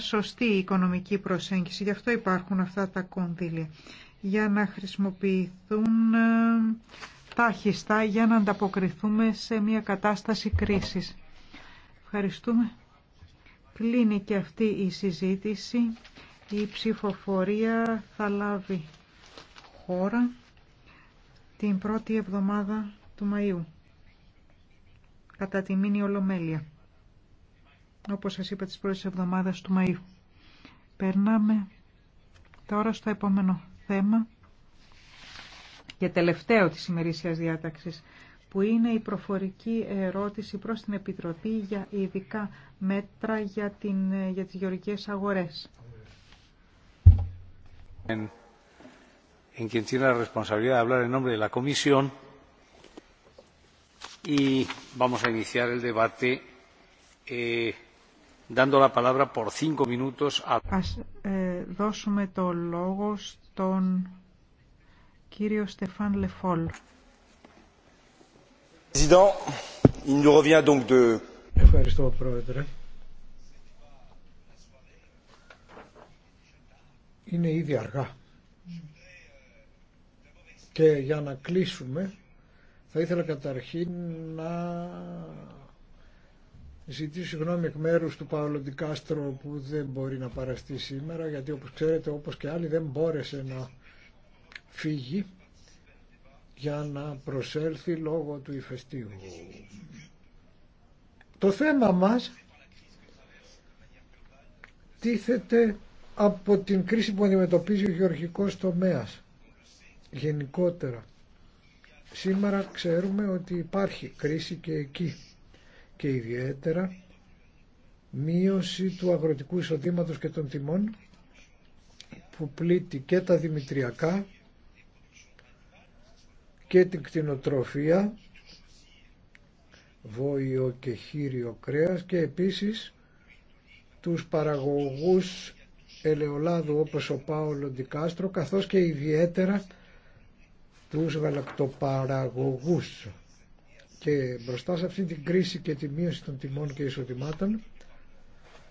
σωστή οικονομική προσέγγιση. Γι' αυτό υπάρχουν αυτά τα κονδύλια. Για να χρησιμοποιηθούν ε, τάχιστα για να ανταποκριθούμε σε μια κατάσταση κρίσης. Ευχαριστούμε. Κλείνει και αυτή η συζήτηση. Η ψηφοφορία θα λάβει χώρα την πρώτη εβδομάδα του Μαΐου κατά τη μήνυ Ολομέλεια όπως σας είπα, τις πρώτες εβδομάδες του Μαΐου. Περνάμε τώρα στο επόμενο θέμα για τελευταίο της ημερήσιας διάταξης, που είναι η προφορική ερώτηση προς την Επιτροπή για ειδικά μέτρα για, την, για τις γεωργικές αγορές. En, quien tiene la y vamos a iniciar el debate eh, Ας ε, δώσουμε το λόγο στον κύριο Στεφάν Λεφόλ. Ευχαριστώ, Πρόεδρε. Είναι ήδη αργά. Και για να κλείσουμε, θα ήθελα καταρχήν να Ζητήσω συγγνώμη εκ μέρους του Παύλο που δεν μπορεί να παραστεί σήμερα γιατί όπως ξέρετε όπως και άλλοι δεν μπόρεσε να φύγει για να προσέλθει λόγω του ηφαιστείου. Το θέμα μας τίθεται από την κρίση που αντιμετωπίζει ο γεωργικός τομέας γενικότερα. Σήμερα ξέρουμε ότι υπάρχει κρίση και εκεί και ιδιαίτερα μείωση του αγροτικού εισοδήματος και των τιμών που πλήττει και τα δημητριακά και την κτηνοτροφία βόηο και χείριο κρέας και επίσης τους παραγωγούς ελαιολάδου όπως ο Πάολο Ντικάστρο καθώς και ιδιαίτερα τους γαλακτοπαραγωγούς. Και μπροστά σε αυτή την κρίση και τη μείωση των τιμών και εισοδημάτων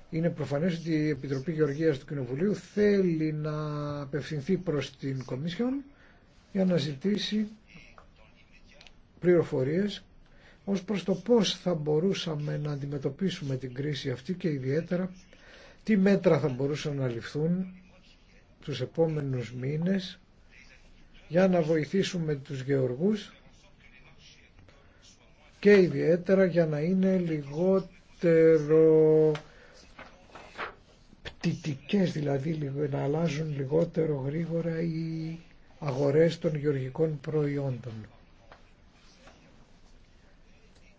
είναι προφανές ότι η Επιτροπή Γεωργίας του Κοινοβουλίου θέλει να απευθυνθεί προς την Κομίσιον για να ζητήσει πληροφορίες ως προς το πώς θα μπορούσαμε να αντιμετωπίσουμε την κρίση αυτή και ιδιαίτερα τι μέτρα θα μπορούσαν να ληφθούν τους επόμενους μήνες για να βοηθήσουμε τους γεωργούς και ιδιαίτερα για να είναι λιγότερο πτυτικές, δηλαδή να αλλάζουν λιγότερο γρήγορα οι αγορές των γεωργικών προϊόντων.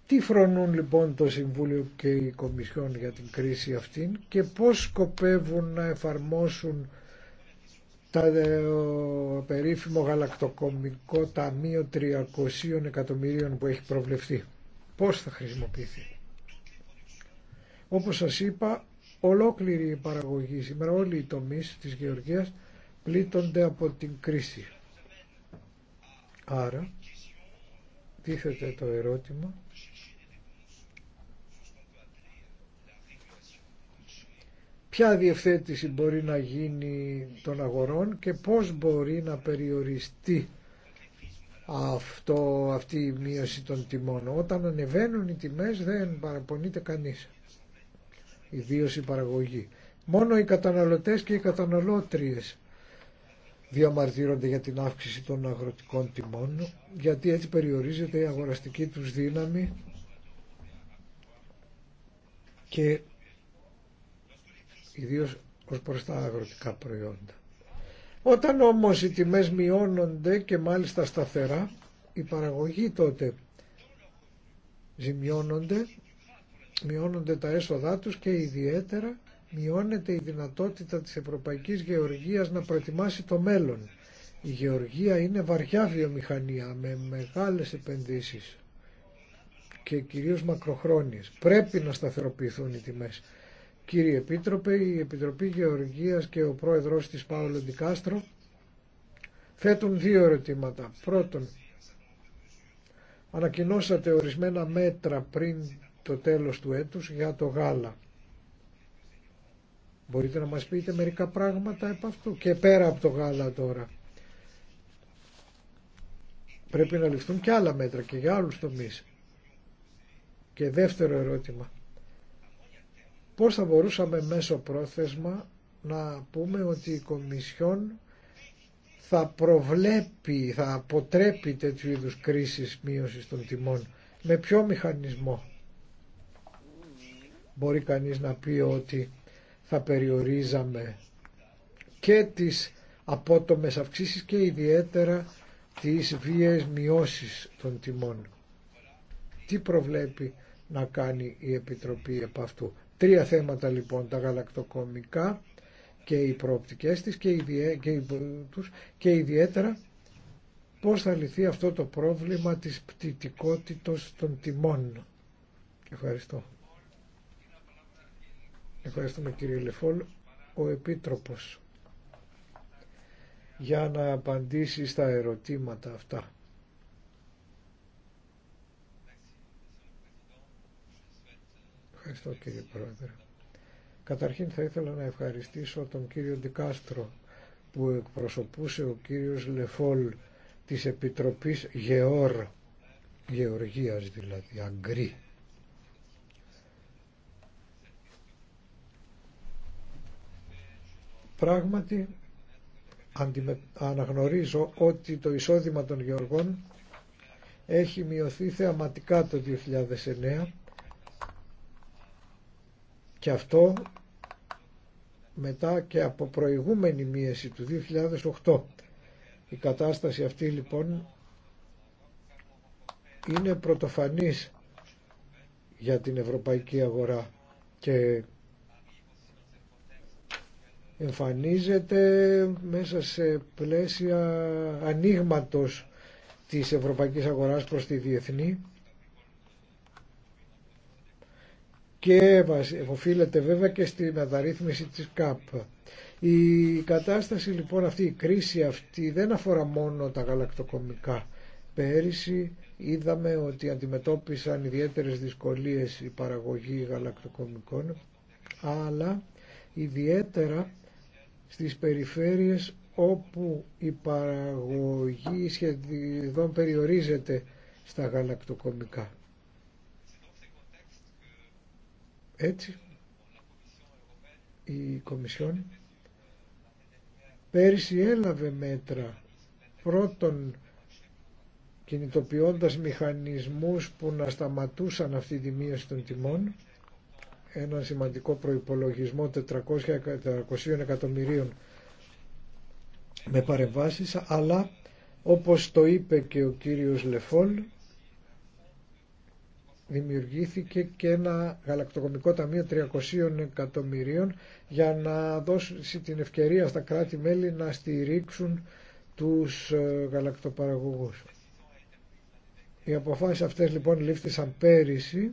Τι φρονούν λοιπόν το Συμβούλιο και η Κομισιόν για την κρίση αυτήν και πώς σκοπεύουν να εφαρμόσουν τα ε, περίφημο γαλακτοκομικό ταμείο 300 εκατομμυρίων που έχει προβλεφθεί πώς θα χρησιμοποιηθεί. Όπως σας είπα, ολόκληρη η παραγωγή σήμερα, όλοι οι τομείς της γεωργίας πλήττονται από την κρίση. Άρα, τίθεται το ερώτημα ποια διευθέτηση μπορεί να γίνει των αγορών και πώς μπορεί να περιοριστεί αυτό, αυτή η μείωση των τιμών. Όταν ανεβαίνουν οι τιμές δεν παραπονείται κανείς, ιδίω η παραγωγή. Μόνο οι καταναλωτές και οι καταναλώτριες διαμαρτύρονται για την αύξηση των αγροτικών τιμών, γιατί έτσι περιορίζεται η αγοραστική τους δύναμη και ιδίως ως προς τα αγροτικά προϊόντα. Όταν όμως οι τιμές μειώνονται και μάλιστα σταθερά, η παραγωγή τότε ζημιώνονται, μειώνονται τα έσοδά τους και ιδιαίτερα μειώνεται η δυνατότητα της Ευρωπαϊκής Γεωργίας να προετοιμάσει το μέλλον. Η γεωργία είναι βαριά βιομηχανία με μεγάλες επενδύσεις και κυρίως μακροχρόνιες. Πρέπει να σταθεροποιηθούν οι τιμές. Κύριε Επίτροπε, η Επιτροπή Γεωργίας και ο Πρόεδρος της Πάολο Ντικάστρο θέτουν δύο ερωτήματα. Πρώτον, ανακοινώσατε ορισμένα μέτρα πριν το τέλος του έτους για το γάλα. Μπορείτε να μας πείτε μερικά πράγματα επ' αυτού και πέρα από το γάλα τώρα. Πρέπει να ληφθούν και άλλα μέτρα και για άλλους τομείς. Και δεύτερο ερώτημα. Πώς θα μπορούσαμε μέσω πρόθεσμα να πούμε ότι η Κομισιόν θα προβλέπει, θα αποτρέπει τέτοιου είδους κρίσεις μείωσης των τιμών. Με ποιο μηχανισμό μπορεί κανείς να πει ότι θα περιορίζαμε και τις απότομες αυξήσεις και ιδιαίτερα τις βίαιες μειώσεις των τιμών. Τι προβλέπει να κάνει η Επιτροπή επ' αυτού. Τρία θέματα λοιπόν, τα γαλακτοκομικά και οι προοπτικές της και, και, οι, τους, και ιδιαίτερα πώς θα λυθεί αυτό το πρόβλημα της πτυτικότητας των τιμών. Ευχαριστώ. Ευχαριστούμε κύριε Λεφόλ. Ο Επίτροπος για να απαντήσει στα ερωτήματα αυτά. Ευχαριστώ κύριε Πρόεδρε. Καταρχήν θα ήθελα να ευχαριστήσω τον κύριο Ντικάστρο που εκπροσωπούσε ο κύριος Λεφόλ της Επιτροπής Γεώρ, Γεωργίας δηλαδή, Αγκρή. Πράγματι αναγνωρίζω ότι το εισόδημα των γεωργών έχει μειωθεί θεαματικά το 2009 και αυτό μετά και από προηγούμενη μίεση του 2008. Η κατάσταση αυτή λοιπόν είναι πρωτοφανής για την ευρωπαϊκή αγορά και εμφανίζεται μέσα σε πλαίσια ανοίγματο της ευρωπαϊκής αγοράς προς τη διεθνή και οφείλεται βέβαια και στην αδαρρύθμιση της ΚΑΠ. Η κατάσταση λοιπόν αυτή, η κρίση αυτή δεν αφορά μόνο τα γαλακτοκομικά. Πέρυσι είδαμε ότι αντιμετώπισαν ιδιαίτερες δυσκολίες η παραγωγή γαλακτοκομικών, αλλά ιδιαίτερα στις περιφέρειες όπου η παραγωγή σχεδόν περιορίζεται στα γαλακτοκομικά. Έτσι, η Κομισιόν πέρυσι έλαβε μέτρα πρώτον κινητοποιώντας μηχανισμούς που να σταματούσαν αυτή τη μείωση των τιμών ένα σημαντικό προϋπολογισμό 400, 400 εκατομμυρίων με παρεμβάσεις αλλά όπως το είπε και ο κύριος Λεφόλ δημιουργήθηκε και ένα γαλακτοκομικό ταμείο 300 εκατομμυρίων για να δώσει την ευκαιρία στα κράτη-μέλη να στηρίξουν τους ε, γαλακτοπαραγωγούς. Οι αποφάσεις αυτές λοιπόν λήφθησαν πέρυσι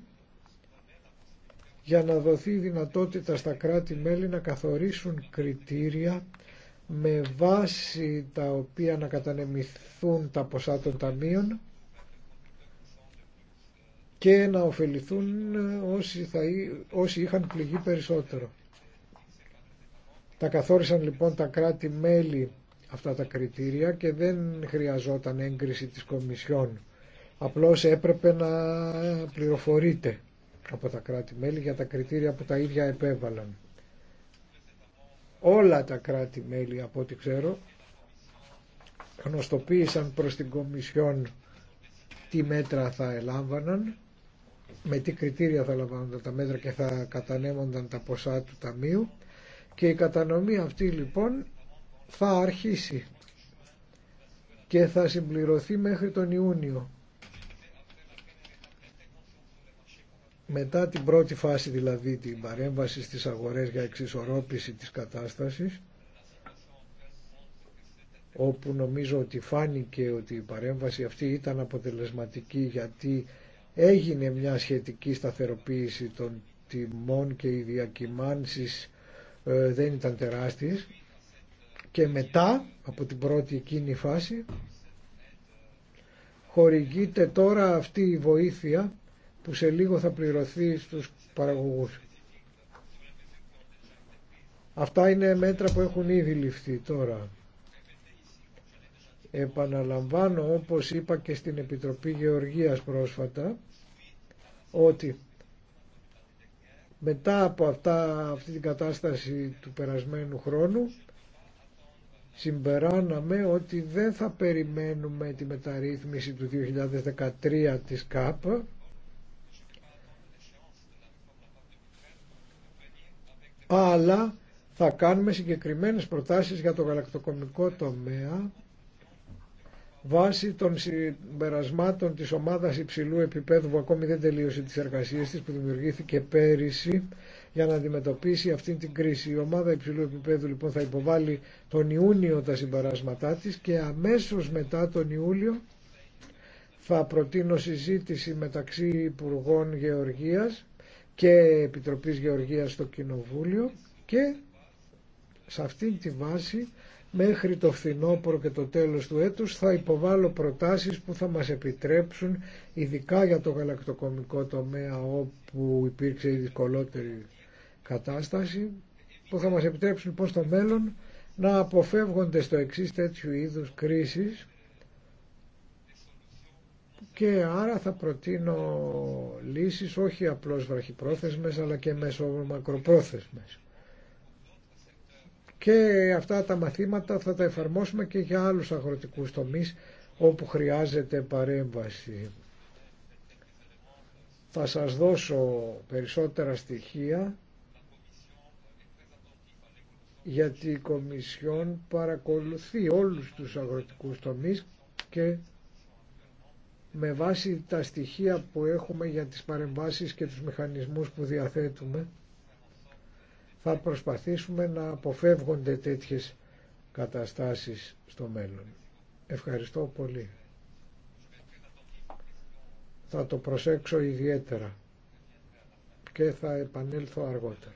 για να δοθεί η δυνατότητα στα κράτη-μέλη να καθορίσουν κριτήρια με βάση τα οποία να κατανεμηθούν τα ποσά των ταμείων και να ωφεληθούν όσοι, θα, είχαν πληγεί περισσότερο. Τα καθόρισαν λοιπόν τα κράτη-μέλη αυτά τα κριτήρια και δεν χρειαζόταν έγκριση της Κομισιόν. Απλώς έπρεπε να πληροφορείται από τα κράτη-μέλη για τα κριτήρια που τα ίδια επέβαλαν. Όλα τα κράτη-μέλη από ό,τι ξέρω γνωστοποίησαν προς την Κομισιόν τι μέτρα θα ελάμβαναν με τι κριτήρια θα λαμβάνονταν τα μέτρα και θα κατανέμονταν τα ποσά του ταμείου και η κατανομή αυτή λοιπόν θα αρχίσει και θα συμπληρωθεί μέχρι τον Ιούνιο. Μετά την πρώτη φάση δηλαδή την παρέμβαση στις αγορές για εξισορρόπηση της κατάστασης όπου νομίζω ότι φάνηκε ότι η παρέμβαση αυτή ήταν αποτελεσματική γιατί έγινε μια σχετική σταθεροποίηση των τιμών και οι διακυμάνσεις ε, δεν ήταν τεράστιες και μετά από την πρώτη εκείνη φάση χορηγείται τώρα αυτή η βοήθεια που σε λίγο θα πληρωθεί στους παραγωγούς. Αυτά είναι μέτρα που έχουν ήδη ληφθεί τώρα. Επαναλαμβάνω όπως είπα και στην Επιτροπή Γεωργίας πρόσφατα ότι μετά από αυτά, αυτή την κατάσταση του περασμένου χρόνου συμπεράναμε ότι δεν θα περιμένουμε τη μεταρρύθμιση του 2013 της ΚΑΠ αλλά θα κάνουμε συγκεκριμένες προτάσεις για το γαλακτοκομικό τομέα Βάσει των συμπερασμάτων της ομάδας υψηλού επίπεδου που ακόμη δεν τελείωσε τις εργασίες της που δημιουργήθηκε πέρυσι για να αντιμετωπίσει αυτή την κρίση. Η ομάδα υψηλού επίπεδου λοιπόν θα υποβάλει τον Ιούνιο τα συμπεράσματά της και αμέσως μετά τον Ιούλιο θα προτείνω συζήτηση μεταξύ Υπουργών Γεωργίας και Επιτροπής Γεωργίας στο Κοινοβούλιο και σε αυτή τη βάση Μέχρι το φθινόπωρο και το τέλος του έτους θα υποβάλω προτάσεις που θα μας επιτρέψουν ειδικά για το γαλακτοκομικό τομέα όπου υπήρξε η δυσκολότερη κατάσταση που θα μας επιτρέψουν πως στο μέλλον να αποφεύγονται στο εξή τέτοιου είδους κρίσεις και άρα θα προτείνω λύσεις όχι απλώς βραχυπρόθεσμες αλλά και μέσω μακροπρόθεσμες και αυτά τα μαθήματα θα τα εφαρμόσουμε και για άλλους αγροτικούς τομείς όπου χρειάζεται παρέμβαση. Θα σας δώσω περισσότερα στοιχεία γιατί η Κομισιόν παρακολουθεί όλους τους αγροτικούς τομείς και με βάση τα στοιχεία που έχουμε για τις παρεμβάσεις και τους μηχανισμούς που διαθέτουμε θα προσπαθήσουμε να αποφεύγονται τέτοιες καταστάσεις στο μέλλον. Ευχαριστώ πολύ. Θα το προσέξω ιδιαίτερα και θα επανέλθω αργότερα.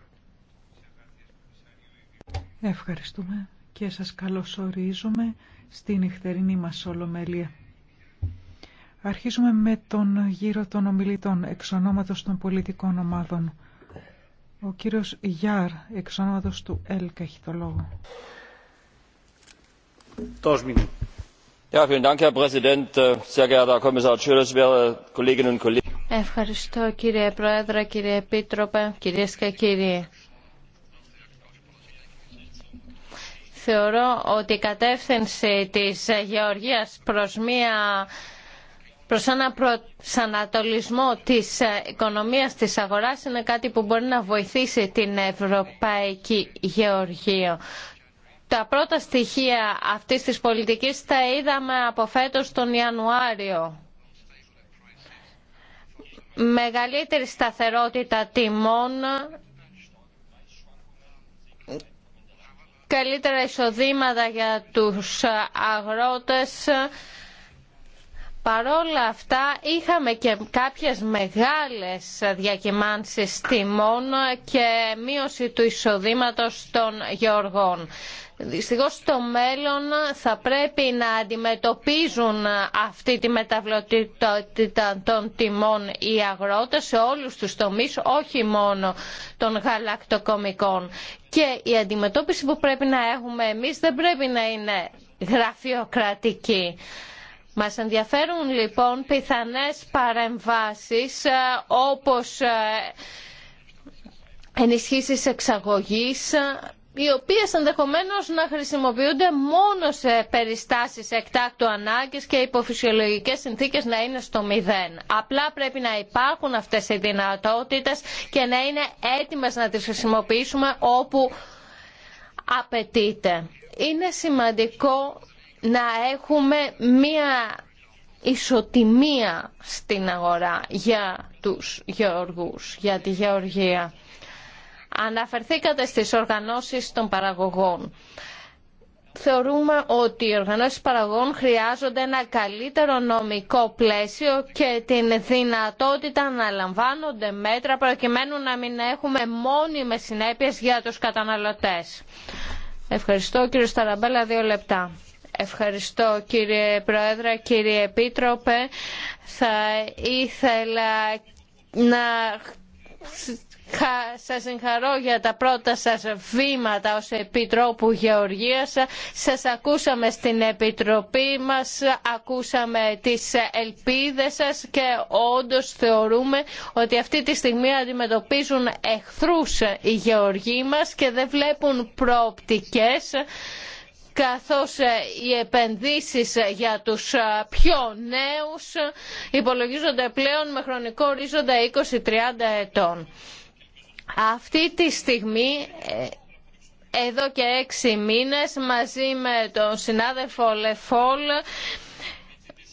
Ευχαριστούμε και σας καλωσορίζουμε στην νυχτερινή μας ολομέλεια. Αρχίζουμε με τον γύρο των ομιλητών εξ ονόματος των πολιτικών ομάδων. Ο κύριος Γιάρ, εξ ονόματος του ΕΛΚ, έχει το λόγο. Ευχαριστώ κύριε Πρόεδρε, κύριε Επίτροπε, κύριε και κύριοι. Θεωρώ ότι η κατεύθυνση της Γεωργίας προς μία προς ένα προσανατολισμό της ε, οικονομίας της αγοράς είναι κάτι που μπορεί να βοηθήσει την ευρωπαϊκή γεωργία. Τα πρώτα στοιχεία αυτής της πολιτικής τα είδαμε από φέτος τον Ιανουάριο. Μεγαλύτερη σταθερότητα τιμών, καλύτερα εισοδήματα για τους αγρότες, Παρόλα αυτά είχαμε και κάποιες μεγάλες διακυμάνσεις τιμών και μείωση του εισοδήματος των γεωργών. Δυστυχώ στο μέλλον θα πρέπει να αντιμετωπίζουν αυτή τη μεταβλητότητα των τιμών οι αγρότες σε όλους τους τομείς, όχι μόνο των γαλακτοκομικών. Και η αντιμετώπιση που πρέπει να έχουμε εμείς δεν πρέπει να είναι γραφειοκρατική. Μας ενδιαφέρουν λοιπόν πιθανές παρεμβάσεις ε, όπως ε, ενισχύσεις εξαγωγής ε, οι οποίες ενδεχομένως να χρησιμοποιούνται μόνο σε περιστάσεις εκτάκτου ανάγκης και υποφυσιολογικές συνθήκες να είναι στο μηδέν. Απλά πρέπει να υπάρχουν αυτές οι δυνατότητες και να είναι έτοιμες να τις χρησιμοποιήσουμε όπου απαιτείται. Είναι σημαντικό να έχουμε μία ισοτιμία στην αγορά για τους γεωργούς, για τη γεωργία. Αναφερθήκατε στις οργανώσεις των παραγωγών. Θεωρούμε ότι οι οργανώσεις παραγωγών χρειάζονται ένα καλύτερο νομικό πλαίσιο και την δυνατότητα να λαμβάνονται μέτρα προκειμένου να μην έχουμε μόνιμες συνέπειες για τους καταναλωτές. Ευχαριστώ κύριε Σταραμπέλα, δύο λεπτά. Ευχαριστώ κύριε Πρόεδρε, κύριε Επίτροπε. Θα ήθελα να σας συγχαρώ για τα πρώτα σας βήματα ως Επιτρόπου Γεωργίας. Σας ακούσαμε στην Επιτροπή μας, ακούσαμε τις ελπίδες σας και όντως θεωρούμε ότι αυτή τη στιγμή αντιμετωπίζουν εχθρούς οι Γεωργοί μας και δεν βλέπουν προοπτικές καθώς ε, οι επενδύσεις ε, για τους ε, πιο νέους υπολογίζονται πλέον με χρονικό ορίζοντα 20-30 ετών. Αυτή τη στιγμή εδώ και έξι μήνες μαζί με τον συνάδελφο Λεφόλ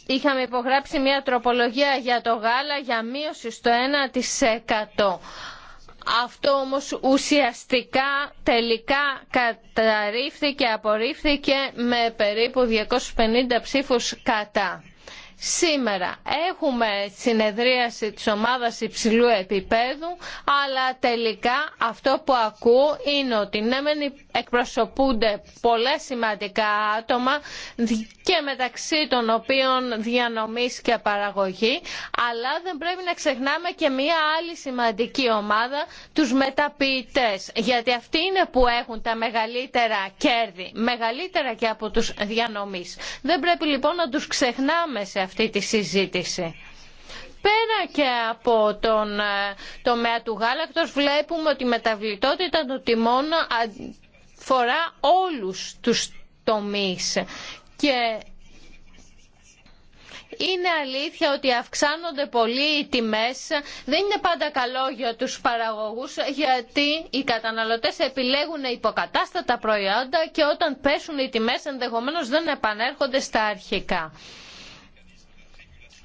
είχαμε υπογράψει μια τροπολογία για το γάλα για μείωση στο 1%. Αυτό όμως ουσιαστικά τελικά καταρρίφθηκε, απορρίφθηκε με περίπου 250 ψήφους κατά. Σήμερα έχουμε συνεδρίαση της ομάδας υψηλού επίπεδου, αλλά τελικά αυτό που ακούω είναι ότι ναι μεν εκπροσωπούνται πολλά σημαντικά άτομα και μεταξύ των οποίων διανομής και παραγωγή, αλλά δεν πρέπει να ξεχνάμε και μία άλλη σημαντική ομάδα, τους μεταποιητές, γιατί αυτοί είναι που έχουν τα μεγαλύτερα κέρδη, μεγαλύτερα και από τους διανομής. Δεν πρέπει λοιπόν να τους ξεχνάμε σε αυτή τη συζήτηση. Πέρα και από τον ε, τομέα του γάλακτος βλέπουμε ότι η μεταβλητότητα των τιμών φορά όλους τους τομείς και είναι αλήθεια ότι αυξάνονται πολύ οι τιμές. Δεν είναι πάντα καλό για τους παραγωγούς γιατί οι καταναλωτές επιλέγουν υποκατάστατα προϊόντα και όταν πέσουν οι τιμές ενδεχομένως δεν επανέρχονται στα αρχικά.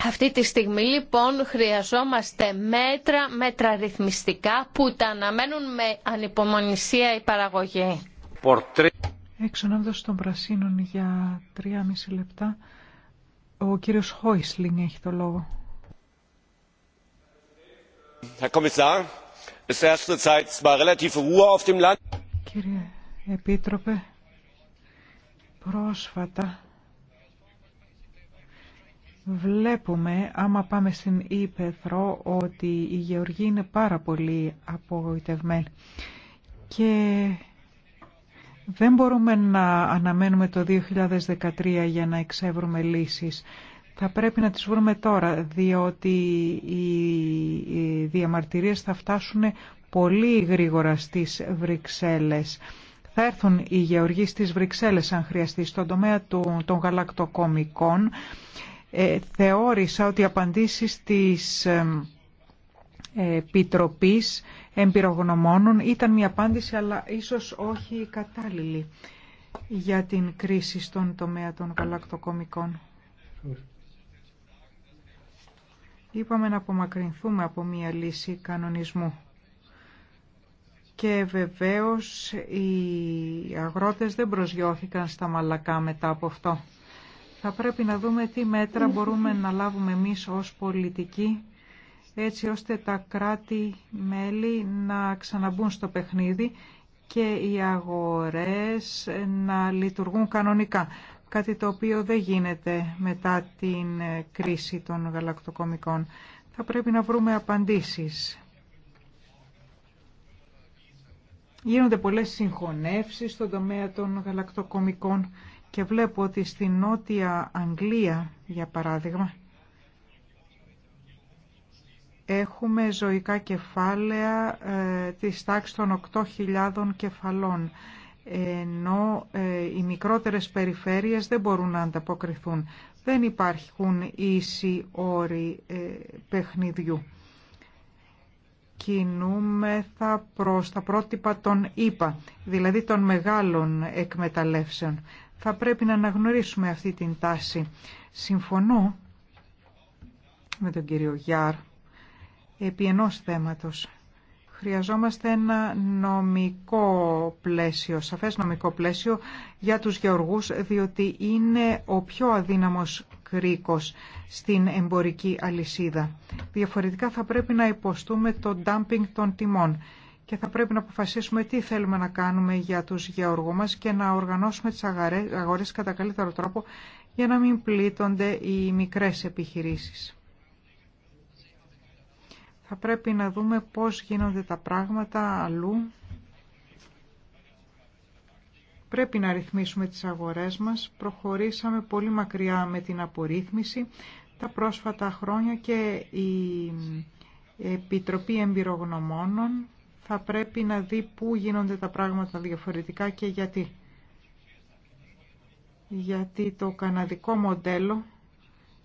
Αυτή τη στιγμή λοιπόν χρειαζόμαστε μέτρα, μέτρα ρυθμιστικά που τα αναμένουν με ανυπομονησία η παραγωγή. δώσω τον Πρασίνων για μισή λεπτά. Ο κύριος Χόισλινγκ έχει το λόγο. Κύριε Επίτροπε, πρόσφατα Βλέπουμε, άμα πάμε στην Ήπεθρο, ότι η γεωργοί είναι πάρα πολύ απογοητευμένοι και δεν μπορούμε να αναμένουμε το 2013 για να εξεύρουμε λύσεις. Θα πρέπει να τις βρούμε τώρα, διότι οι διαμαρτυρίες θα φτάσουν πολύ γρήγορα στις Βρυξέλλες. Θα έρθουν οι γεωργοί στις Βρυξέλλες αν χρειαστεί στον τομέα των γαλακτοκομικών ε, θεώρησα ότι οι απαντήσεις της Επιτροπής Εμπειρογνωμόνων ήταν μια απάντηση αλλά ίσως όχι κατάλληλη για την κρίση στον τομέα των γαλακτοκομικών. Είπαμε να απομακρυνθούμε από μια λύση κανονισμού. Και βεβαίως οι αγρότες δεν προσγειώθηκαν στα μαλακά μετά από αυτό. Θα πρέπει να δούμε τι μέτρα μπορούμε να λάβουμε εμείς ως πολιτικοί έτσι ώστε τα κράτη-μέλη να ξαναμπούν στο παιχνίδι και οι αγορές να λειτουργούν κανονικά. Κάτι το οποίο δεν γίνεται μετά την κρίση των γαλακτοκομικών. Θα πρέπει να βρούμε απαντήσεις. Γίνονται πολλές συγχωνεύσεις στον τομέα των γαλακτοκομικών και βλέπω ότι στη Νότια Αγγλία, για παράδειγμα, έχουμε ζωικά κεφάλαια ε, της τάξης των 8.000 κεφαλών, ενώ ε, οι μικρότερες περιφέρειες δεν μπορούν να ανταποκριθούν. Δεν υπάρχουν ίσοι όροι ε, παιχνιδιού. Κινούμεθα προς τα πρότυπα των ΙΠΑ, δηλαδή των μεγάλων εκμεταλλεύσεων θα πρέπει να αναγνωρίσουμε αυτή την τάση. Συμφωνώ με τον κύριο Γιάρ επί ενός θέματος. Χρειαζόμαστε ένα νομικό πλαίσιο, σαφές νομικό πλαίσιο για τους γεωργούς, διότι είναι ο πιο αδύναμος κρίκος στην εμπορική αλυσίδα. Διαφορετικά θα πρέπει να υποστούμε το ντάμπινγκ των τιμών και θα πρέπει να αποφασίσουμε τι θέλουμε να κάνουμε για τους γεωργούς μας και να οργανώσουμε τις αγορές κατά καλύτερο τρόπο για να μην πλήττονται οι μικρές επιχειρήσεις. Θα πρέπει να δούμε πώς γίνονται τα πράγματα αλλού. Πρέπει να ρυθμίσουμε τις αγορές μας. Προχωρήσαμε πολύ μακριά με την απορρίθμιση τα πρόσφατα χρόνια και η Επιτροπή Εμπειρογνωμόνων θα πρέπει να δει πού γίνονται τα πράγματα διαφορετικά και γιατί. Γιατί το καναδικό μοντέλο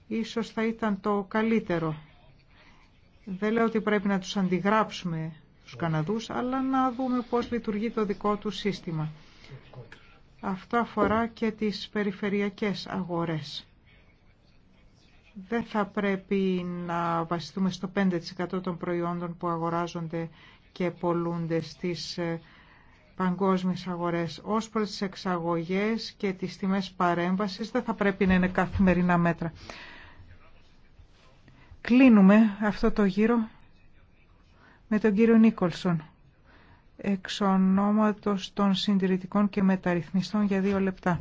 ίσως θα ήταν το καλύτερο. Δεν λέω ότι πρέπει να τους αντιγράψουμε τους Καναδούς, αλλά να δούμε πώς λειτουργεί το δικό του σύστημα. Αυτό αφορά και τις περιφερειακές αγορές. Δεν θα πρέπει να βασιστούμε στο 5% των προϊόντων που αγοράζονται και πολλούνται στις ε, παγκόσμιες αγορές. Ως προς τις εξαγωγές και τις τιμές παρέμβασης δεν θα πρέπει να είναι καθημερινά μέτρα. Κλείνουμε αυτό το γύρο με τον κύριο Νίκολσον εξ ονόματος των συντηρητικών και μεταρρυθμιστών για δύο λεπτά.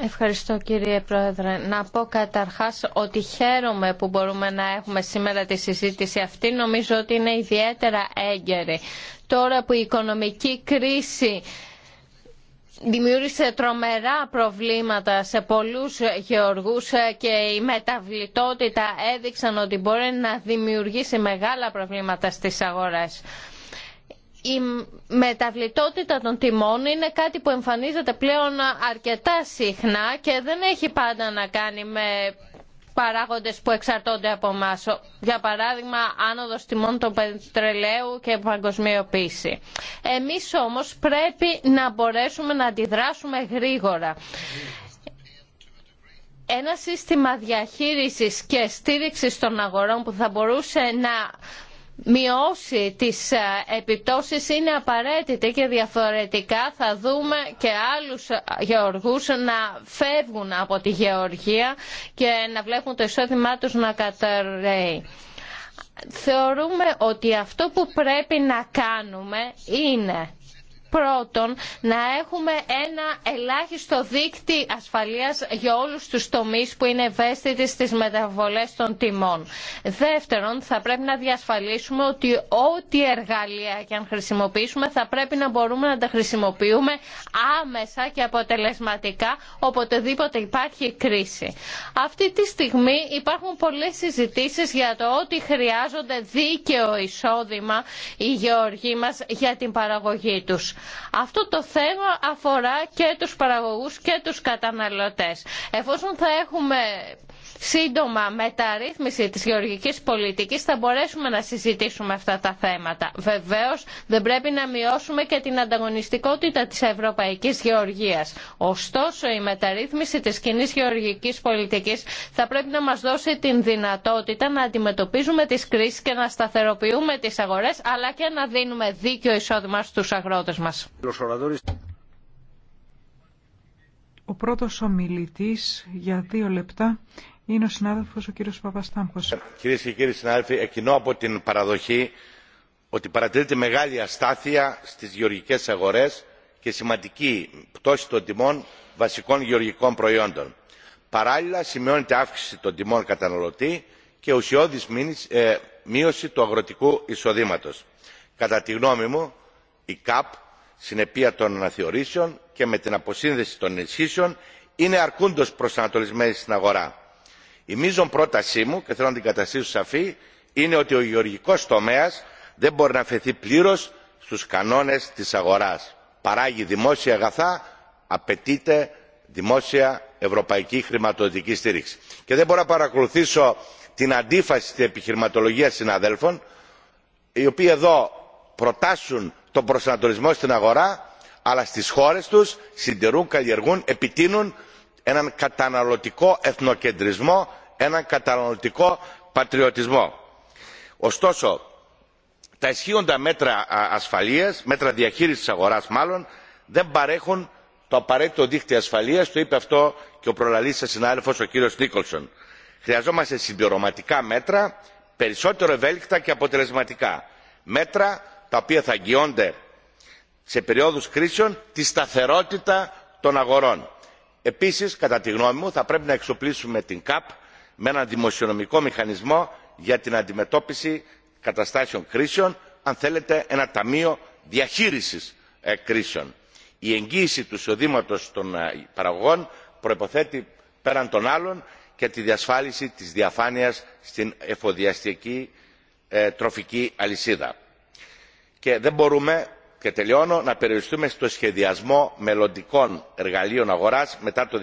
Ευχαριστώ κύριε Πρόεδρε. Να πω καταρχάς ότι χαίρομαι που μπορούμε να έχουμε σήμερα τη συζήτηση αυτή. Νομίζω ότι είναι ιδιαίτερα έγκαιρη. Τώρα που η οικονομική κρίση δημιούργησε τρομερά προβλήματα σε πολλούς γεωργούς και η μεταβλητότητα έδειξαν ότι μπορεί να δημιουργήσει μεγάλα προβλήματα στις αγορές. Η μεταβλητότητα των τιμών είναι κάτι που εμφανίζεται πλέον αρκετά συχνά και δεν έχει πάντα να κάνει με παράγοντες που εξαρτώνται από εμά. Για παράδειγμα, άνοδος τιμών των πετρελαίου και παγκοσμιοποίηση. Εμείς όμως πρέπει να μπορέσουμε να αντιδράσουμε γρήγορα. Ένα σύστημα διαχείρισης και στήριξης των αγορών που θα μπορούσε να μειώσει τις ε, επιπτώσεις είναι απαραίτητη και διαφορετικά θα δούμε και άλλους ε, γεωργούς να φεύγουν από τη γεωργία και να βλέπουν το εισόδημά τους να καταρρέει. Θεωρούμε ότι αυτό που πρέπει να κάνουμε είναι Πρώτον, να έχουμε ένα ελάχιστο δίκτυ ασφαλείας για όλους τους τομείς που είναι ευαίσθητοι στις μεταβολές των τιμών. Δεύτερον, θα πρέπει να διασφαλίσουμε ότι ό,τι εργαλεία και αν χρησιμοποιήσουμε θα πρέπει να μπορούμε να τα χρησιμοποιούμε άμεσα και αποτελεσματικά οποτεδήποτε υπάρχει κρίση. Αυτή τη στιγμή υπάρχουν πολλές συζητήσεις για το ότι χρειάζονται δίκαιο εισόδημα οι γεωργοί μας για την παραγωγή τους. Αυτό το θέμα αφορά και τους παραγωγούς και τους καταναλωτές. Εφόσον θα έχουμε σύντομα μεταρρύθμιση της γεωργικής πολιτικής θα μπορέσουμε να συζητήσουμε αυτά τα θέματα. Βεβαίως δεν πρέπει να μειώσουμε και την ανταγωνιστικότητα της ευρωπαϊκής γεωργίας. Ωστόσο η μεταρρύθμιση της κοινή γεωργικής πολιτικής θα πρέπει να μας δώσει την δυνατότητα να αντιμετωπίζουμε τις κρίσεις και να σταθεροποιούμε τις αγορές αλλά και να δίνουμε δίκιο εισόδημα στους αγρότες μας. Ο πρώτος ομιλητής για δύο λεπτά είναι ο συνάδελφος ο κύριος Κυρίες και κύριοι συνάδελφοι, εκκινώ από την παραδοχή ότι παρατηρείται μεγάλη αστάθεια στι γεωργικέ αγορέ και σημαντική πτώση των τιμών βασικών γεωργικών προϊόντων. Παράλληλα, σημειώνεται αύξηση των τιμών καταναλωτή και ουσιώδη ε, μείωση του αγροτικού εισοδήματο. Κατά τη γνώμη μου, η ΚΑΠ, συνεπία των αναθεωρήσεων και με την αποσύνδεση των ενισχύσεων, είναι αρκούντο προσανατολισμένη στην αγορά η μείζον πρότασή μου και θέλω να την καταστήσω σαφή είναι ότι ο γεωργικός τομέας δεν μπορεί να αφαιθεί πλήρως στους κανόνες της αγοράς. παράγει δημόσια αγαθά απαιτείται δημόσια ευρωπαϊκή χρηματοδοτική στήριξη. και δεν μπορώ να παρακολουθήσω την αντίφαση της επιχειρηματολογία συναδέλφων οι οποίοι εδώ προτάσουν τον προσανατολισμό στην αγορά αλλά στις χώρες τους συντηρούν καλλιεργούν επιτείνουν έναν καταναλωτικό εθνοκεντρισμό έναν καταναλωτικό πατριωτισμό. ωστόσο τα ισχύοντα μέτρα ασφαλείας μέτρα διαχείρισης αγοράς μάλλον δεν παρέχουν το απαραίτητο δίκτυο ασφαλείας το είπε αυτό και ο προλαλής σας συνάδελφος ο κύριος Νίκολσον. Χρειαζόμαστε συμπληρωματικά μέτρα περισσότερο ευέλικτα και αποτελεσματικά. Μέτρα τα οποία θα αγγιώνται σε περιόδους κρίσεων τη σταθερότητα των αγορών επίσης κατά τη γνώμη μου θα πρέπει να εξοπλίσουμε την καπ με έναν δημοσιονομικό μηχανισμό για την αντιμετώπιση καταστάσεων κρίσεων αν θέλετε ένα ταμείο διαχείρισης ε, κρίσεων. η εγγύηση του εισοδήματος των ε, παραγωγών προϋποθέτει πέραν των άλλων και τη διασφάλιση της διαφάνειας στην εφοδιαστική ε, τροφική αλυσίδα και δεν μπορούμε και τελειώνω να περιοριστούμε στο σχεδιασμό μελλοντικών εργαλείων αγοράς μετά το.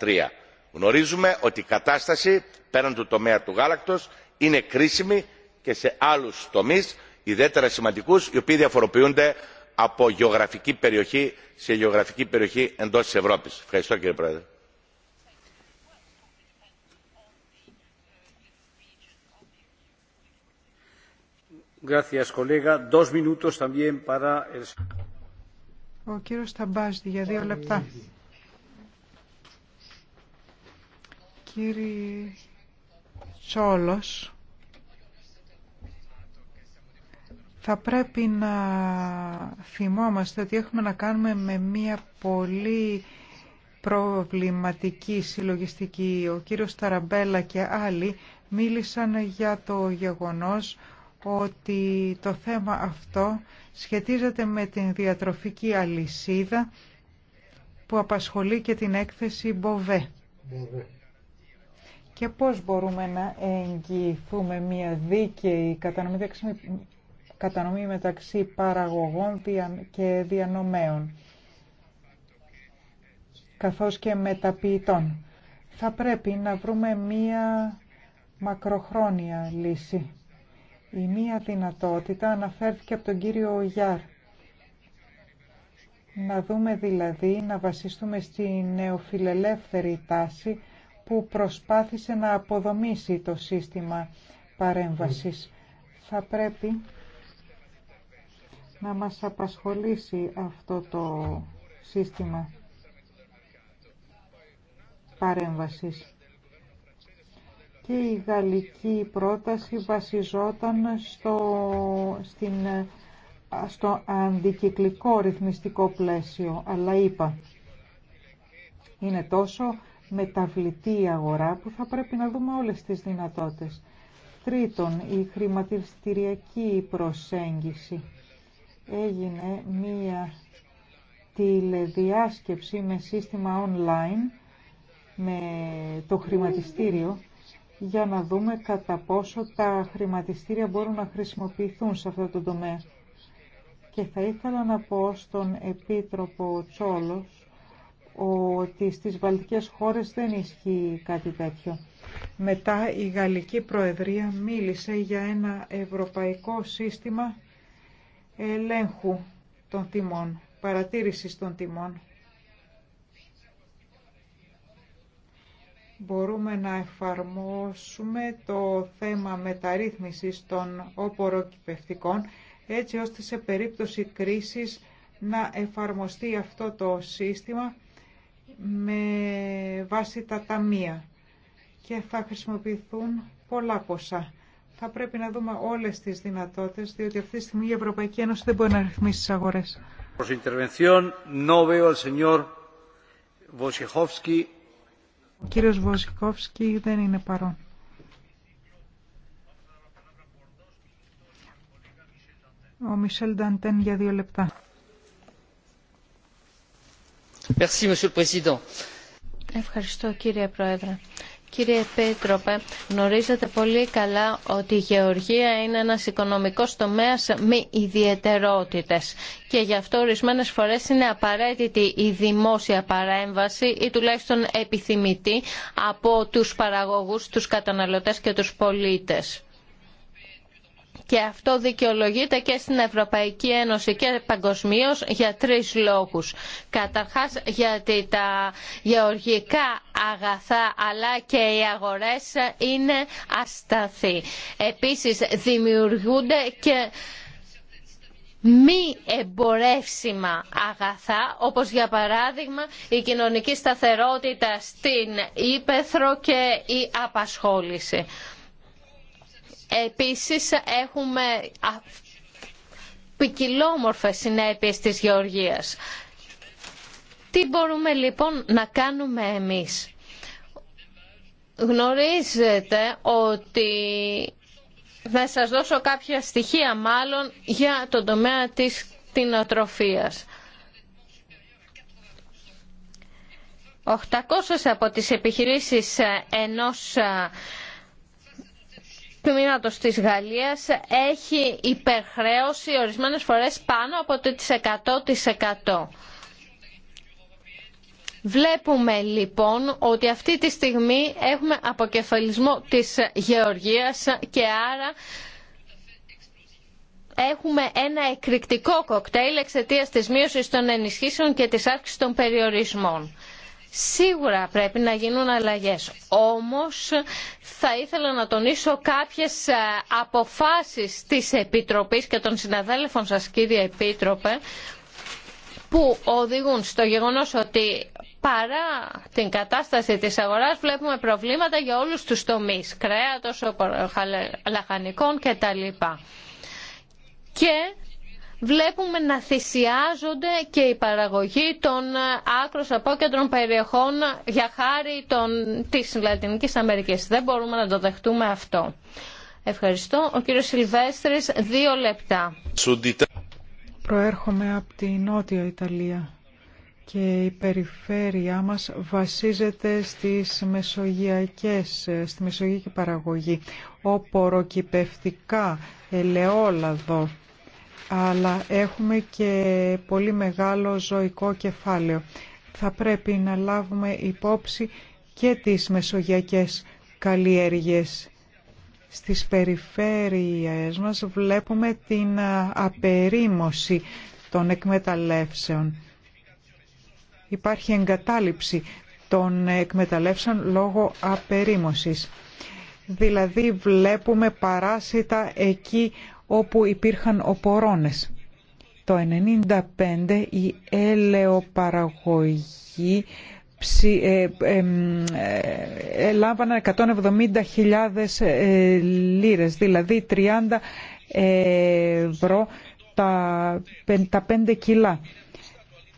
2013. Γνωρίζουμε ότι η κατάσταση πέραν του τομέα του γάλακτος είναι κρίσιμη και σε άλλους τομείς ιδιαίτερα σημαντικούς οι οποίοι διαφοροποιούνται από γεωγραφική περιοχή σε γεωγραφική περιοχή εντός της Ευρώπης. Ευχαριστώ κύριε Πρόεδρε. Ο κύριο Ταμπάζδη για δύο λεπτά. Κύριε Σόλος, θα πρέπει να θυμόμαστε ότι έχουμε να κάνουμε με μία πολύ προβληματική συλλογιστική. Ο κύριος Ταραμπέλα και άλλοι μίλησαν για το γεγονός ότι το θέμα αυτό σχετίζεται με την διατροφική αλυσίδα που απασχολεί και την έκθεση Μποβέ. Και πώς μπορούμε να εγγυηθούμε μια δίκαιη κατανομή μεταξύ, κατανομή μεταξύ παραγωγών και διανομέων, καθώς και μεταποιητών. Θα πρέπει να βρούμε μια μακροχρόνια λύση η μία δυνατότητα αναφέρθηκε από τον κύριο Γιάρ. Να δούμε δηλαδή, να βασιστούμε στη νεοφιλελεύθερη τάση που προσπάθησε να αποδομήσει το σύστημα παρέμβασης. Θα πρέπει να μας απασχολήσει αυτό το σύστημα παρέμβασης και η γαλλική πρόταση βασιζόταν στο, στην, στο αντικυκλικό ρυθμιστικό πλαίσιο, αλλά είπα, είναι τόσο μεταβλητή η αγορά που θα πρέπει να δούμε όλες τις δυνατότητες. Τρίτον, η χρηματιστηριακή προσέγγιση. Έγινε μία τηλεδιάσκεψη με σύστημα online με το χρηματιστήριο για να δούμε κατά πόσο τα χρηματιστήρια μπορούν να χρησιμοποιηθούν σε αυτό το τομέα. Και θα ήθελα να πω στον Επίτροπο Τσόλος ότι στις βαλτικές χώρες δεν ισχύει κάτι τέτοιο. Μετά η Γαλλική Προεδρία μίλησε για ένα ευρωπαϊκό σύστημα ελέγχου των τιμών, παρατήρησης των τιμών. μπορούμε να εφαρμόσουμε το θέμα μεταρρύθμισης των οποροκυπευτικών έτσι ώστε σε περίπτωση κρίσης να εφαρμοστεί αυτό το σύστημα με βάση τα ταμεία και θα χρησιμοποιηθούν πολλά ποσά. Θα πρέπει να δούμε όλες τις δυνατότητες, διότι αυτή τη στιγμή η Ευρωπαϊκή Ένωση δεν μπορεί να ρυθμίσει τις αγορές. Ο κύριος Βοζικόφσκι δεν είναι παρόν. Ο Μισελ Νταντέν για δύο λεπτά. Ευχαριστώ κύριε Πρόεδρε. Κύριε Επίτροπε, γνωρίζετε πολύ καλά ότι η γεωργία είναι ένας οικονομικός τομέας με ιδιαιτερότητες και γι' αυτό ορισμένες φορές είναι απαραίτητη η δημόσια παρέμβαση ή τουλάχιστον επιθυμητή από τους παραγωγούς, τους καταναλωτές και τους πολίτες. Και αυτό δικαιολογείται και στην Ευρωπαϊκή Ένωση και παγκοσμίω για τρεις λόγους. Καταρχάς γιατί τα γεωργικά αγαθά αλλά και οι αγορές είναι ασταθή. Επίσης δημιουργούνται και μη εμπορεύσιμα αγαθά, όπως για παράδειγμα η κοινωνική σταθερότητα στην Ήπεθρο και η απασχόληση. Επίσης έχουμε ποικιλόμορφες συνέπειες της γεωργίας. Τι μπορούμε λοιπόν να κάνουμε εμείς. Γνωρίζετε ότι θα σας δώσω κάποια στοιχεία μάλλον για τον τομέα της κτηνοτροφίας. 800 από τις επιχειρήσεις ενός μήνατος της Γαλλίας έχει υπερχρέωση ορισμένες φορές πάνω από το 100%. Βλέπουμε λοιπόν ότι αυτή τη στιγμή έχουμε αποκεφαλισμό της γεωργίας και άρα έχουμε ένα εκρηκτικό κοκτέιλ εξαιτίας της μείωσης των ενισχύσεων και της αύξησης των περιορισμών. Σίγουρα πρέπει να γίνουν αλλαγές. Όμως θα ήθελα να τονίσω κάποιες ε, αποφάσεις της Επιτροπής και των συναδέλφων σας κύριε Επίτροπε που οδηγούν στο γεγονός ότι παρά την κατάσταση της αγοράς βλέπουμε προβλήματα για όλους τους τομείς, κρέατος, λαχανικών κτλ. Και βλέπουμε να θυσιάζονται και η παραγωγή των ε, άκρως απόκεντρων περιοχών για χάρη των, της Λατινικής Αμερικής. Δεν μπορούμε να το δεχτούμε αυτό. Ευχαριστώ. Ο κύριος Σιλβέστρης, δύο λεπτά. Προέρχομαι από τη Νότια Ιταλία και η περιφέρειά μας βασίζεται στις μεσογειακές, ε, στη μεσογειακή παραγωγή. Οποροκυπευτικά, ελαιόλαδο, αλλά έχουμε και πολύ μεγάλο ζωικό κεφάλαιο. Θα πρέπει να λάβουμε υπόψη και τις μεσογειακές καλλιέργειες. Στις περιφέρειες μας βλέπουμε την απερίμωση των εκμεταλλεύσεων. Υπάρχει εγκατάλειψη των εκμεταλλεύσεων λόγω απερίμωσης. Δηλαδή βλέπουμε παράσιτα εκεί όπου υπήρχαν οπορώνες. Το 1995 η ελαιοπαραγωγή λάμβανε 170.000 λίρες, δηλαδή 30 ε, ευρώ τα 5 κιλά.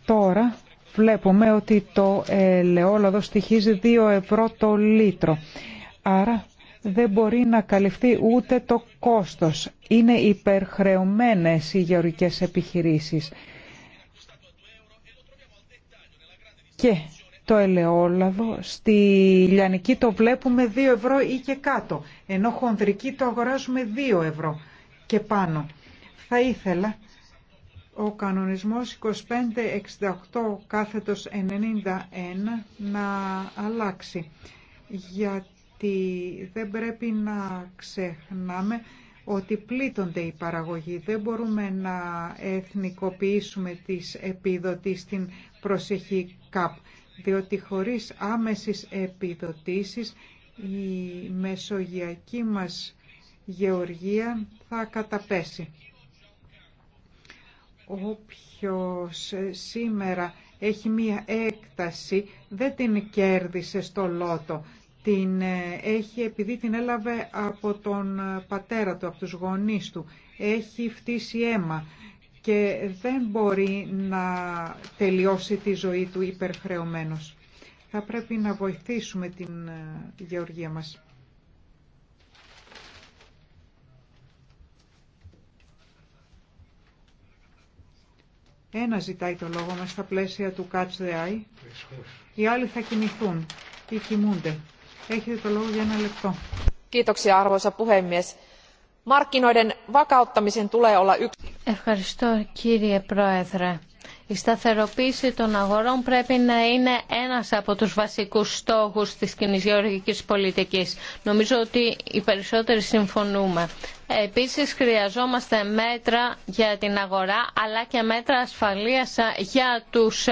Τώρα βλέπουμε ότι το ελαιόλαδο στοιχίζει 2 ευρώ το λίτρο. Άρα δεν μπορεί να καλυφθεί ούτε το κόστος. Είναι υπερχρεωμένες οι γεωργικές επιχειρήσεις. Και το ελαιόλαδο στη λιανική το βλέπουμε 2 ευρώ ή και κάτω, ενώ χονδρική το αγοράζουμε 2 ευρώ και πάνω. Θα ήθελα ο κανονισμός 2568 κάθετος 91 να αλλάξει, γιατί ότι δεν πρέπει να ξεχνάμε ότι πλήττονται οι παραγωγοί. Δεν μπορούμε να εθνικοποιήσουμε τις επιδοτήσεις στην προσεχή ΚΑΠ, διότι χωρίς άμεσες επιδοτήσεις η μεσογειακή μας γεωργία θα καταπέσει. Όποιος σήμερα έχει μία έκταση δεν την κέρδισε στο λότο την ε, έχει επειδή την έλαβε από τον ε, πατέρα του, από τους γονείς του. Έχει φτύσει αίμα και δεν μπορεί να τελειώσει τη ζωή του υπερχρεωμένος. Θα πρέπει να βοηθήσουμε την ε, γεωργία μας. Ένα ζητάει το λόγο μας στα πλαίσια του Catch the Eye. Οι άλλοι θα κοιμηθούν ή κοιμούνται. Έχετε το λόγο για ένα λεπτό. Ευχαριστώ κύριε Πρόεδρε. Η σταθεροποίηση των αγορών πρέπει να είναι ένας από τους βασικούς στόχους της κοινής πολιτικής. Νομίζω ότι οι περισσότεροι συμφωνούμε. Επίσης χρειαζόμαστε μέτρα για την αγορά αλλά και μέτρα ασφαλείας για τους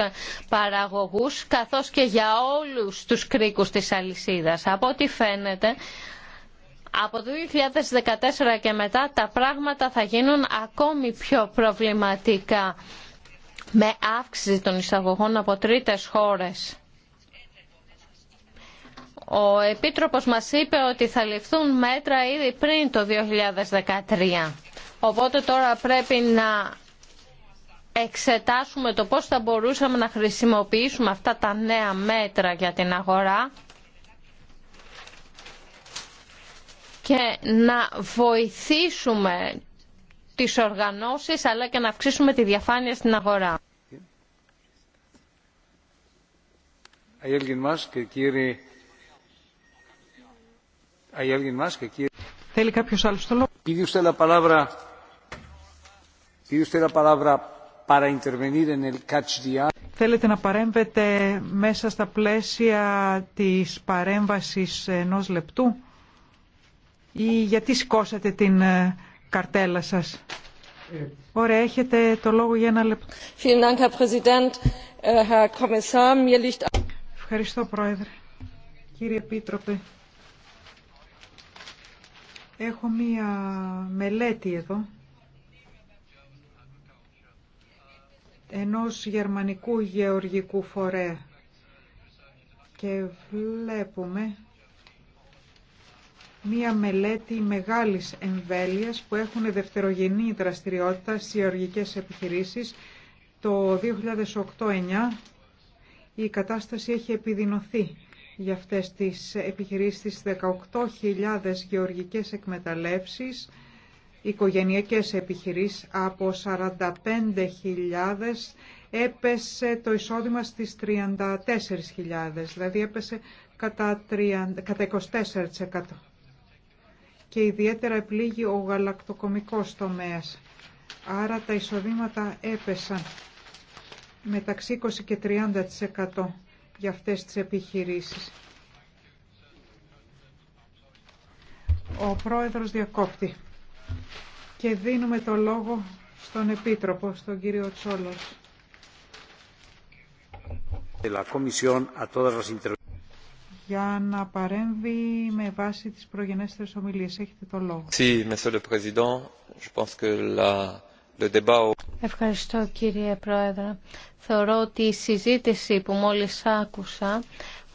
παραγωγούς καθώς και για όλους τους κρίκους της αλυσίδας. Από ό,τι φαίνεται από το 2014 και μετά τα πράγματα θα γίνουν ακόμη πιο προβληματικά με αύξηση των εισαγωγών από τρίτες χώρες. Ο Επίτροπος μας είπε ότι θα ληφθούν μέτρα ήδη πριν το 2013. Οπότε τώρα πρέπει να εξετάσουμε το πώς θα μπορούσαμε να χρησιμοποιήσουμε αυτά τα νέα μέτρα για την αγορά και να βοηθήσουμε τις οργανώσεις αλλά και να αυξήσουμε τη διαφάνεια στην αγορά. Θέλει κάποιος άλλος το λόγο. Θέλετε να παρέμβετε μέσα στα πλαίσια της παρέμβασης ενός λεπτού ή γιατί σηκώσατε την ε, καρτέλα σας. Ωραία, έχετε το λόγο για ένα λεπτό. Ευχαριστώ, Πρόεδρε. Κύριε Επίτροπε, έχω μία μελέτη εδώ ενός γερμανικού γεωργικού φορέα και βλέπουμε μία μελέτη μεγάλης εμβέλειας που έχουν δευτερογενή δραστηριότητα στις γεωργικές επιχειρήσεις το 2008 9 η κατάσταση έχει επιδεινωθεί για αυτές τις επιχειρήσεις τις 18.000 γεωργικές εκμεταλλεύσεις, οικογενειακές επιχειρήσεις από 45.000 έπεσε το εισόδημα στις 34.000, δηλαδή έπεσε κατά, 30, κατά 24%. Και ιδιαίτερα επλήγει ο γαλακτοκομικός τομέας. Άρα τα εισοδήματα έπεσαν μεταξύ 20 και 30% για αυτές τις επιχειρήσεις. Ο πρόεδρος διακόπτη και δίνουμε το λόγο στον Επίτροπο, στον κύριο Τσόλος. Για να παρέμβει με βάση τις προγενέστερες ομιλίες. Έχετε το λόγο. Ευχαριστώ κύριε Πρόεδρε. Θεωρώ ότι η συζήτηση που μόλις άκουσα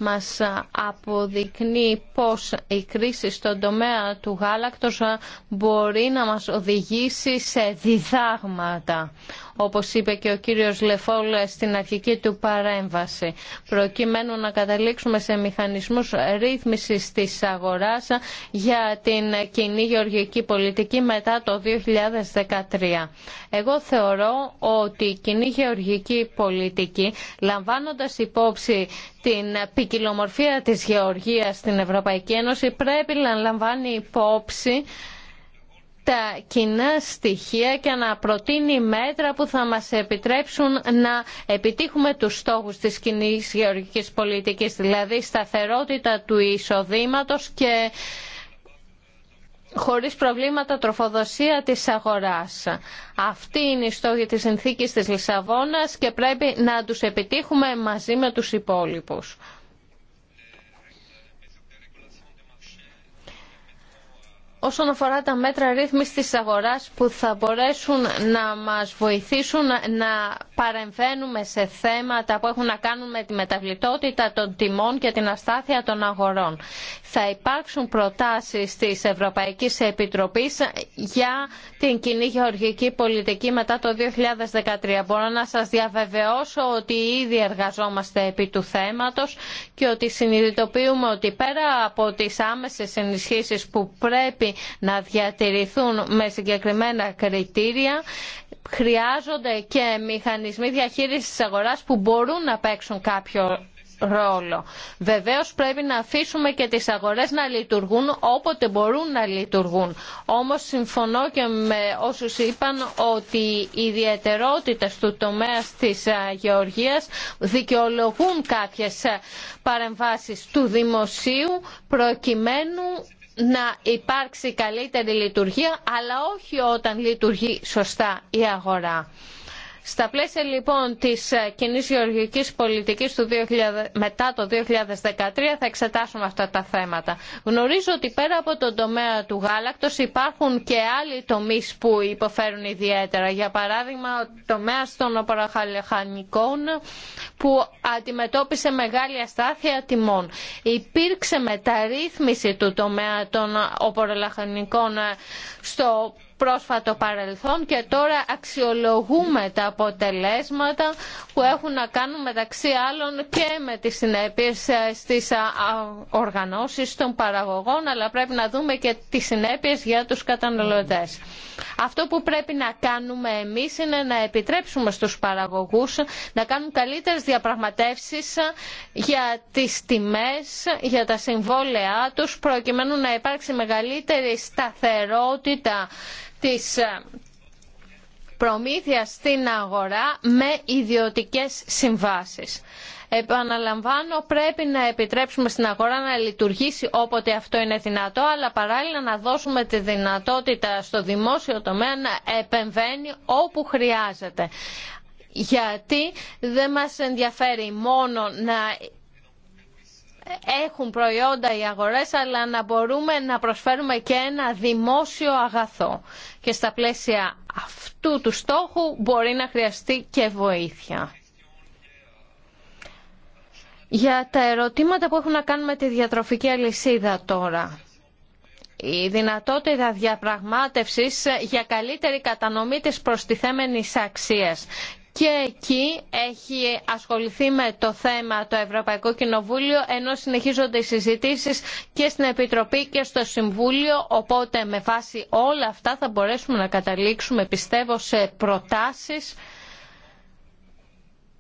μας αποδεικνύει πως η κρίση στον τομέα του γάλακτος μπορεί να μας οδηγήσει σε διδάγματα όπως είπε και ο κύριος Λεφόλ στην αρχική του παρέμβαση, προκειμένου να καταλήξουμε σε μηχανισμούς ρύθμισης της αγοράς για την κοινή γεωργική πολιτική μετά το 2013. Εγώ θεωρώ ότι η κοινή γεωργική πολιτική, λαμβάνοντας υπόψη την ποικιλομορφία της γεωργίας στην Ευρωπαϊκή Ένωση, πρέπει να λαμβάνει υπόψη τα κοινά στοιχεία και να προτείνει μέτρα που θα μας επιτρέψουν να επιτύχουμε τους στόχους της κοινή γεωργικής πολιτικής, δηλαδή σταθερότητα του εισοδήματος και χωρίς προβλήματα τροφοδοσία της αγοράς. Αυτή είναι η στόχη της συνθήκης της Λισαβόνας και πρέπει να τους επιτύχουμε μαζί με τους υπόλοιπους. όσον αφορά τα μέτρα ρύθμισης της αγοράς που θα μπορέσουν να μας βοηθήσουν να παρεμβαίνουμε σε θέματα που έχουν να κάνουν με τη μεταβλητότητα των τιμών και την αστάθεια των αγορών. Θα υπάρξουν προτάσεις της Ευρωπαϊκής Επιτροπής για την κοινή γεωργική πολιτική μετά το 2013. Μπορώ να σας διαβεβαιώσω ότι ήδη εργαζόμαστε επί του θέματος και ότι συνειδητοποιούμε ότι πέρα από τις άμεσες ενισχύσεις που πρέπει να διατηρηθούν με συγκεκριμένα κριτήρια χρειάζονται και μηχανισμοί διαχείρισης της αγοράς που μπορούν να παίξουν κάποιο ρόλο. Βεβαίως πρέπει να αφήσουμε και τις αγορές να λειτουργούν όποτε μπορούν να λειτουργούν. Όμως συμφωνώ και με όσους είπαν ότι οι ιδιαιτερότητες του τομέα της ε, γεωργίας δικαιολογούν κάποιες ε, παρεμβάσεις του δημοσίου προκειμένου να υπάρξει καλύτερη λειτουργία αλλά όχι όταν λειτουργεί σωστά η αγορά. Στα πλαίσια λοιπόν της ε, κοινή γεωργικής πολιτικής του μετά το 2013 θα εξετάσουμε αυτά τα θέματα. Γνωρίζω ότι πέρα από τον τομέα του γάλακτος υπάρχουν και άλλοι τομείς που υποφέρουν ιδιαίτερα. Για παράδειγμα ο τομέας των οπαραχαλεχανικών που αντιμετώπισε μεγάλη αστάθεια τιμών. Υπήρξε μεταρρύθμιση του τομέα των οπαραχαλεχανικών ε, στο πρόσφατο παρελθόν και τώρα αξιολογούμε τα αποτελέσματα που έχουν να κάνουν μεταξύ άλλων και με τις συνέπειες ε, στις οργανώσεις των παραγωγών αλλά πρέπει να δούμε και τις συνέπειες για τους καταναλωτές. Αυτό που πρέπει να κάνουμε εμείς είναι να επιτρέψουμε στους παραγωγούς να κάνουν καλύτερες διαπραγματεύσεις για τις τιμές, για τα συμβόλαιά τους, προκειμένου να υπάρξει μεγαλύτερη σταθερότητα της προμήθεια στην αγορά με ιδιωτικές συμβάσεις. Επαναλαμβάνω, πρέπει να επιτρέψουμε στην αγορά να λειτουργήσει όποτε αυτό είναι δυνατό, αλλά παράλληλα να δώσουμε τη δυνατότητα στο δημόσιο τομέα να επεμβαίνει όπου χρειάζεται. Γιατί δεν μας ενδιαφέρει μόνο να έχουν προϊόντα οι αγορές αλλά να μπορούμε να προσφέρουμε και ένα δημόσιο αγαθό. Και στα πλαίσια αυτού του στόχου μπορεί να χρειαστεί και βοήθεια. Για τα ερωτήματα που έχουν να κάνουν με τη διατροφική αλυσίδα τώρα. Η δυνατότητα διαπραγμάτευσης για καλύτερη κατανομή της προστιθέμενης αξίας και εκεί έχει ασχοληθεί με το θέμα το Ευρωπαϊκό Κοινοβούλιο ενώ συνεχίζονται οι συζητήσεις και στην Επιτροπή και στο Συμβούλιο οπότε με βάση όλα αυτά θα μπορέσουμε να καταλήξουμε πιστεύω σε προτάσεις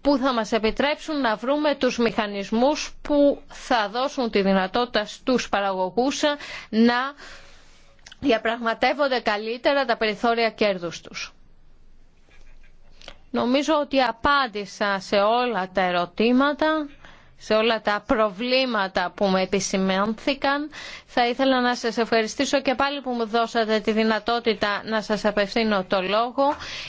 που θα μας επιτρέψουν να βρούμε τους μηχανισμούς που θα δώσουν τη δυνατότητα στους παραγωγούς να διαπραγματεύονται καλύτερα τα περιθώρια κέρδους τους. Νομίζω ότι απάντησα σε όλα τα ερωτήματα σε όλα τα προβλήματα που με επισημένθηκαν. Θα ήθελα να σας ευχαριστήσω και πάλι που μου δώσατε τη δυνατότητα να σας απευθύνω το λόγο.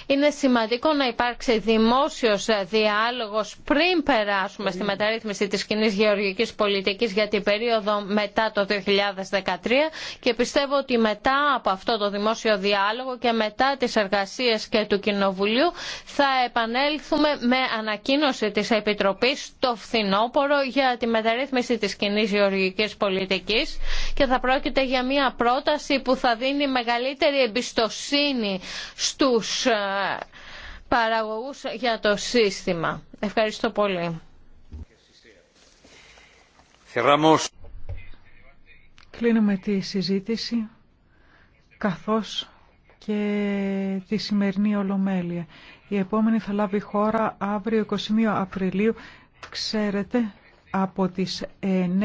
Είναι σημαντικό να υπάρξει δημόσιος διάλογος πριν περάσουμε στη μεταρρύθμιση της κοινή γεωργικής πολιτικής για την περίοδο μετά το 2013 και πιστεύω ότι μετά από αυτό το δημόσιο διάλογο και μετά τις εργασίες και του Κοινοβουλίου θα επανέλθουμε με ανακοίνωση της Επιτροπής το φθινόπωρο χώρο για τη μεταρρύθμιση της κοινή γεωργικής πολιτικής και θα πρόκειται για μια πρόταση που θα δίνει μεγαλύτερη εμπιστοσύνη στους ε, παραγωγούς για το σύστημα. Ευχαριστώ πολύ. Κλείνουμε τη συζήτηση καθώς και τη σημερινή Ολομέλεια. Η επόμενη θα λάβει χώρα αύριο 21 Απριλίου Ξέρετε, από τις 9